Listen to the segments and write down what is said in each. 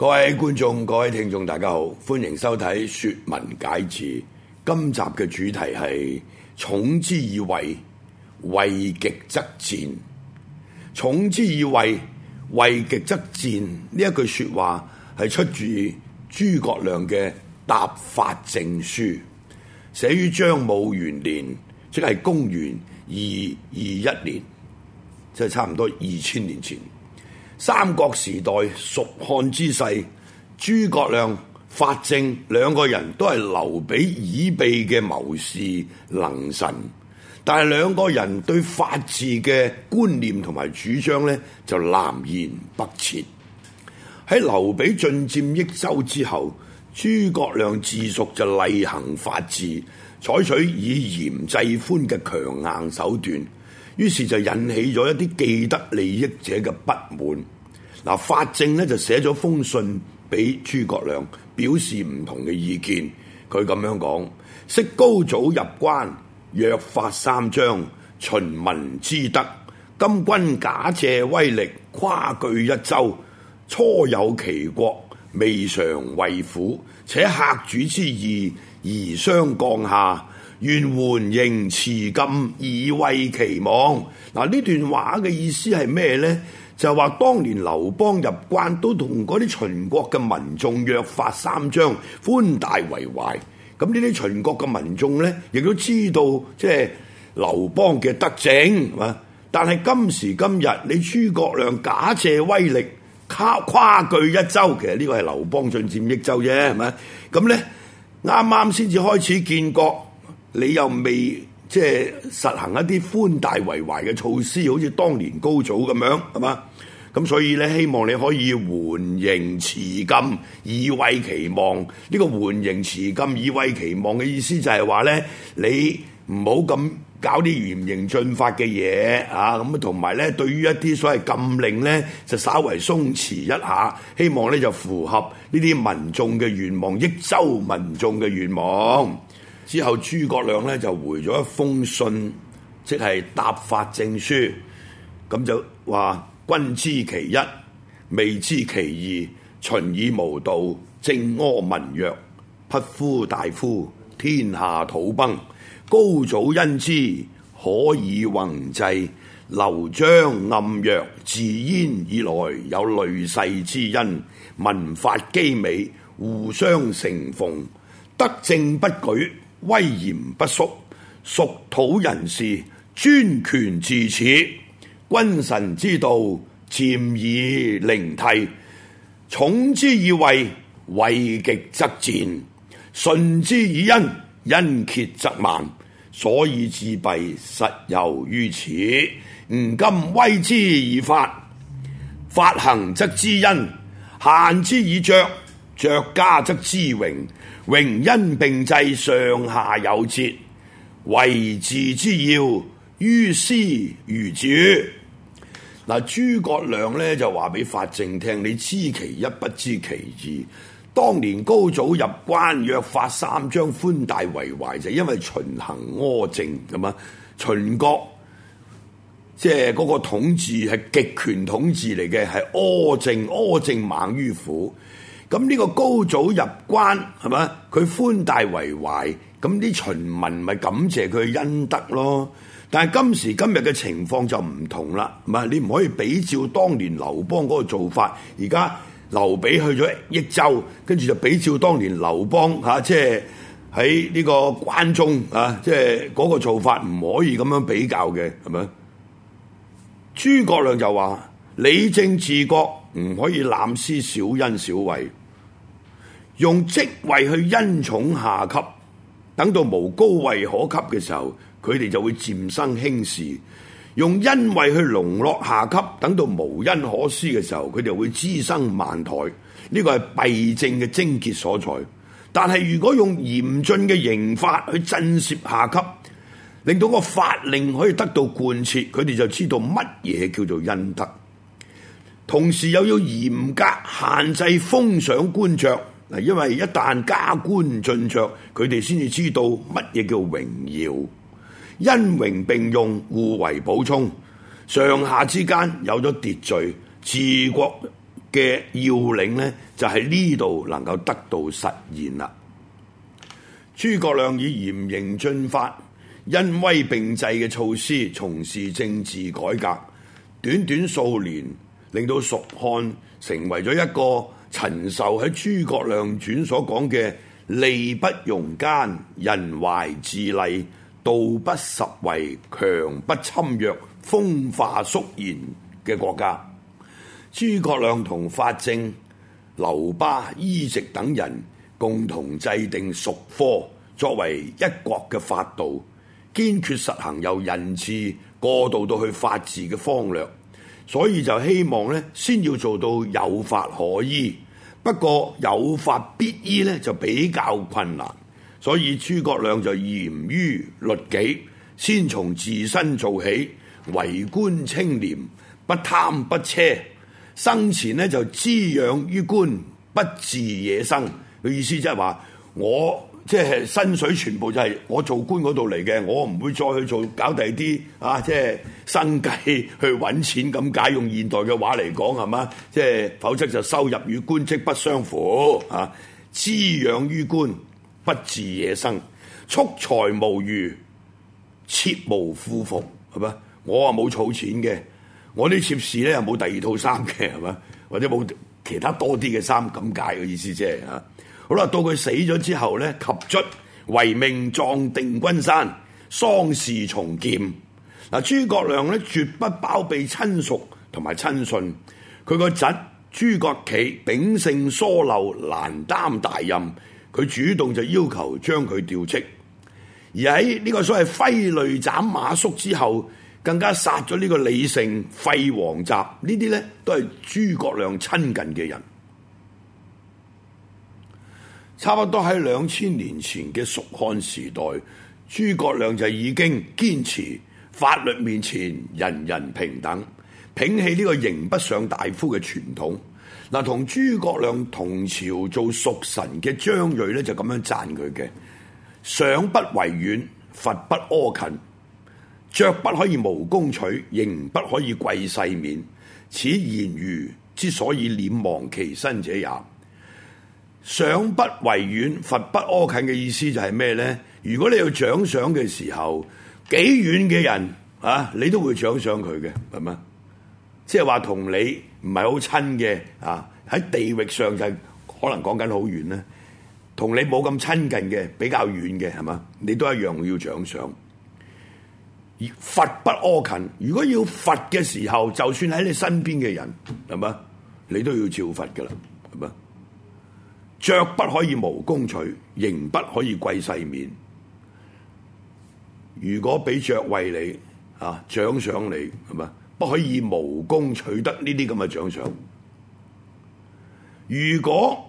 各位觀眾、各位聽眾，大家好，歡迎收睇《說文解字》。今集嘅主題係“寵之以位，位極則賤”。寵之以位，位極則賤。呢句說話係出自諸葛亮嘅《答法正書》，寫於章武元年，即係公元二二一年，即、就、係、是、差唔多二千年前。三國，時代，蜀漢之勢，諸葛亮、法正兩個人都係劉備已庇嘅謀士能臣，但係兩個人對法治嘅觀念同埋主張呢，就南轅北轍。喺劉備進佔益州之後，諸葛亮治蜀就厲行法治，採取以嚴制寬嘅強硬手段。於是就引起咗一啲既得利益者嘅不滿。嗱，法正咧就寫咗封信俾諸葛亮，表示唔同嘅意見。佢咁樣講：昔高祖入關，約法三章，秦民之德。今君假借威力，跨據一州，初有其國，未嘗畏苦，且客主之義，宜相降下。願緩刑弛禁以慰其望。嗱，呢段話嘅意思係咩呢？就話、是、當年劉邦入關都同嗰啲秦國嘅民眾約法三章，寬大為懷。咁呢啲秦國嘅民眾呢，亦都知道即係劉邦嘅德政。係嘛？但係今時今日，你諸葛亮假借威力，跨跨據一州，其實個劉呢個係劉邦進佔益州啫，係咪？咁咧，啱啱先至開始建國。你又未即係實行一啲寬大為懷嘅措施，好似當年高祖咁樣，係嘛？咁所以咧，希望你可以緩刑弛禁，以慰其望。呢個緩刑弛禁，以慰其望嘅意思就係話，咧，你唔好咁搞啲嚴刑峻法嘅嘢啊！咁同埋咧，對於一啲所謂禁令咧，就稍微鬆弛一下，希望咧就符合呢啲民眾嘅願望，益州民眾嘅願望。之後諸葛亮呢就回咗一封信，即係答法正書，咁就話，君知其一，未知其二。秦以無道，政柯民弱，匹夫大夫，天下土崩。高祖因之，可以宏濟。劉璋暗弱，自焉以來，有累世之恩，文法基美，互相承奉，德政不舉。威嚴不縮，屬土人士專權自此，君臣之道漸以陵替，寵之以位，位極則賤；順之以恩，恩竭則慢。所以自斃，實由於此。吾今威之以法，法行則知恩；限之以爵。爵加則知榮，榮恩並濟，上下有節，為治之要。於斯如主。嗱，諸葛亮呢就話俾法正聽，你知其一，不知其二。當年高祖入關，約法三章，寬大為懷，就係因為秦行苛政咁啊。秦國即係嗰個統治係極權統治嚟嘅，係苛政，苛政猛於虎。咁呢個高祖入關係嘛，佢寬大為懷，咁啲秦民咪感謝佢嘅恩德咯。但係今時今日嘅情況就唔同啦，唔係你唔可以比照當年劉邦嗰個做法。而家劉備去咗益州，跟住就比照當年劉邦嚇、啊，即係喺呢個關中嚇、啊，即係嗰個做法唔可以咁樣比較嘅，係咪啊？諸葛亮就話理政治國唔可以濫施小恩小惠。用職位去恩寵下級，等到無高位可及嘅時候，佢哋就會漸生輕視；用恩惠去籠絡下級，等到無恩可施嘅時候，佢哋會滋生慢怠。呢個係弊政嘅症結所在。但係如果用嚴峻嘅刑法去震懾下級，令到個法令可以得到貫徹，佢哋就知道乜嘢叫做恩德。同時又要嚴格限制封賞官爵。因為一旦加官進爵，佢哋先至知道乜嘢叫榮耀，恩榮並用，互為補充，上下之間有咗秩序，治國嘅要領呢，就喺呢度能夠得到實現啦。諸葛亮以嚴刑峻法、恩威並濟嘅措施，從事政治改革，短短數年，令到蜀漢成為咗一個。陳壽喺《受諸葛亮傳》所講嘅利不容奸，人懷自厲，道不拾遺，強不侵弱，風化肅然嘅國家。諸葛亮同法正、劉巴、伊籍等人共同制定《蜀科》，作為一國嘅法度，堅決實行由人治過渡到去法治嘅方略。所以就希望咧，先要做到有法可依。不過有法必依呢，就比較困難，所以諸葛亮就嚴於律己，先從自身做起，為官清廉，不貪不奢，生前呢，就滋養於官，不治野生。佢意思即係話我。即係薪水全部就係我做官嗰度嚟嘅，我唔會再去做搞第二啲啊！即係生計去揾錢咁解，用現代嘅話嚟講係嘛？即係否則就收入與官職不相符啊！飼養於官，不治野生，畜財無餘，切無夫服係嘛？我啊冇儲錢嘅，我啲妾侍咧又冇第二套衫嘅係嘛？或者冇其他多啲嘅衫咁解嘅，意思即係啊！好啦，到佢死咗之後呢，及卒遺命葬定軍山，喪事從簡。嗱，諸葛亮呢絕不包庇親屬同埋親信。佢個侄諸葛恪秉性疏漏，難擔大任，佢主動就要求將佢調職。而喺呢個所謂揮淚斬馬謖之後，更加殺咗呢個李盛、廢黃襲呢啲呢，都係諸葛亮親近嘅人。差不多喺兩千年前嘅蜀漢時代，諸葛亮就已經堅持法律面前人人平等，摒棄呢個刑不上大夫嘅傳統。嗱，同諸葛亮同朝做蜀臣嘅張裔咧就咁樣讚佢嘅：賞不遺遠，罰不阿近，爵不可以無功取，刑不可以貴勢免。此賢愚之所以僉忘其身者也。賞不為遠，罰不阿近嘅意思就係咩呢？如果你要獎賞嘅時候，幾遠嘅人啊，你都會獎賞佢嘅，係嘛？即係話同你唔係好親嘅啊，喺地域上就係、可能講緊好遠咧，同你冇咁親近嘅比較遠嘅係嘛，你都一樣會要獎賞。而罰不阿近，如果要罰嘅時候，就算喺你身邊嘅人，係嘛，你都要照罰噶啦，係嘛？爵不可以無功取，刑不可以貴勢免。如果俾爵位你啊，獎賞你係嘛，不可以無功取得呢啲咁嘅獎賞。如果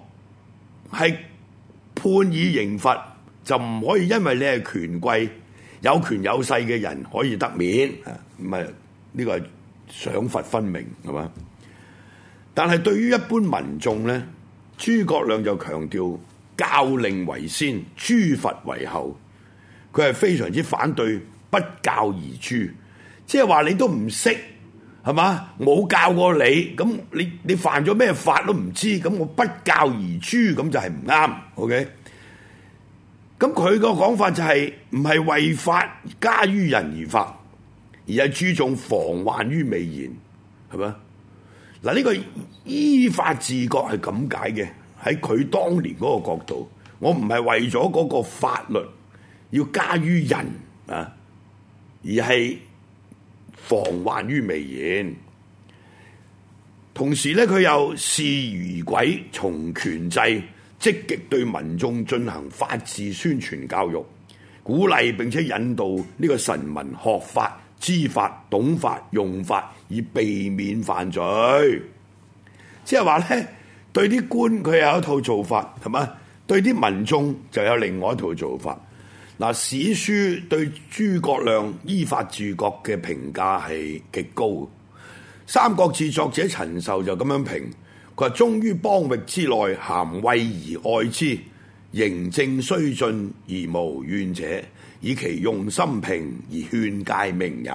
係判以刑罰，就唔可以因為你係權貴、有權有勢嘅人可以得免啊。唔係呢個賞罰分明係嘛？但係對於一般民眾咧。諸葛亮就強調教令為先，誅罰為後。佢係非常之反對不教而誅，即係話你都唔識，係嘛？冇教過你，咁你你犯咗咩法都唔知，咁我不教而誅咁就係唔啱。OK，咁佢個講法就係唔係為法加於人而法，而係注重防患於未然，係咪？嗱，呢個依法治國係咁解嘅，喺佢當年嗰個角度，我唔係為咗嗰個法律要加於人啊，而係防患於未然。同時咧，佢又視如鬼從權制，積極對民眾進行法治宣傳教育，鼓勵並且引導呢個臣民學法、知法、懂法、用法。以避免犯罪，即係話咧，對啲官佢有一套做法，係嘛？對啲民眾就有另外一套做法。嗱，史書對諸葛亮依法治國嘅評價係極高嘅，《三國志》作者陳壽就咁樣評：佢話忠於邦域之內，咸畏而愛之，刑政雖峻而無怨者，以其用心平而勸戒明也。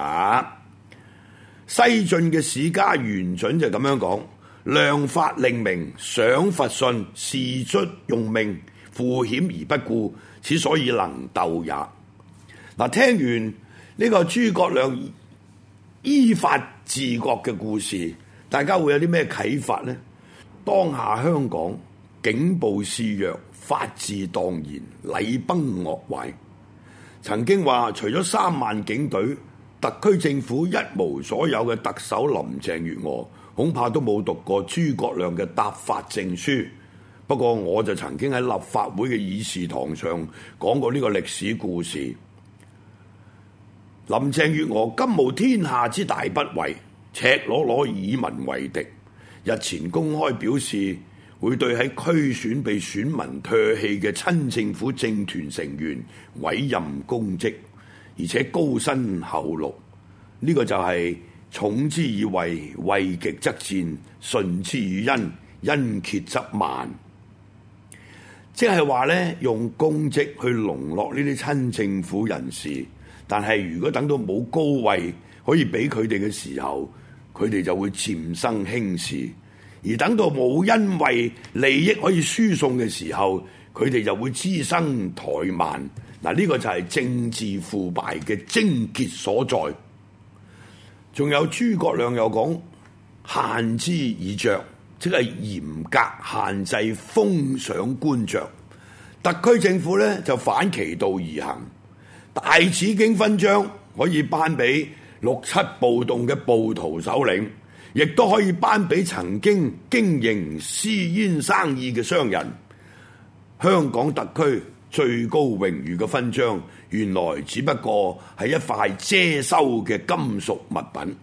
西晉嘅史家袁準就咁樣講：量法令明，賞罰信，士卒用命，負險而不顧，此所以能鬥也。嗱，聽完呢個諸葛亮依法治國嘅故事，大家會有啲咩啟發呢？當下香港警暴肆虐，法治蕩然，禮崩樂壞。曾經話，除咗三萬警隊。特區政府一無所有嘅特首林鄭月娥，恐怕都冇讀過諸葛亮嘅《答法正書》。不過，我就曾經喺立法會嘅議事堂上講過呢個歷史故事。林鄭月娥今無天下之大不為，赤裸裸以民為敵。日前公開表示，會對喺區選被選民唾棄嘅親政府政團成員委任公職。而且高薪厚祿，呢、這個就係寵之以位，位極則賤；順之以恩，恩竭則慢。即係話呢，用公職去籠絡呢啲親政府人士，但係如果等到冇高位可以俾佢哋嘅時候，佢哋就會潛生輕視；而等到冇因為利益可以輸送嘅時候，佢哋就會滋生怠慢，嗱、這、呢個就係政治腐敗嘅症結所在。仲有，諸葛亮又講限之以爵，即係嚴格限制封賞官爵。特區政府呢，就反其道而行，大紫荊勳章可以頒俾六七暴動嘅暴徒首領，亦都可以頒俾曾經經營私煙生意嘅商人。香港特區最高榮譽嘅勳章，原來只不過係一塊遮羞嘅金屬物品。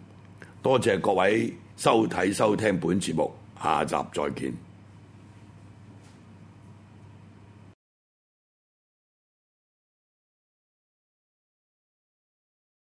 多謝各位收睇收聽本節目，下集再見。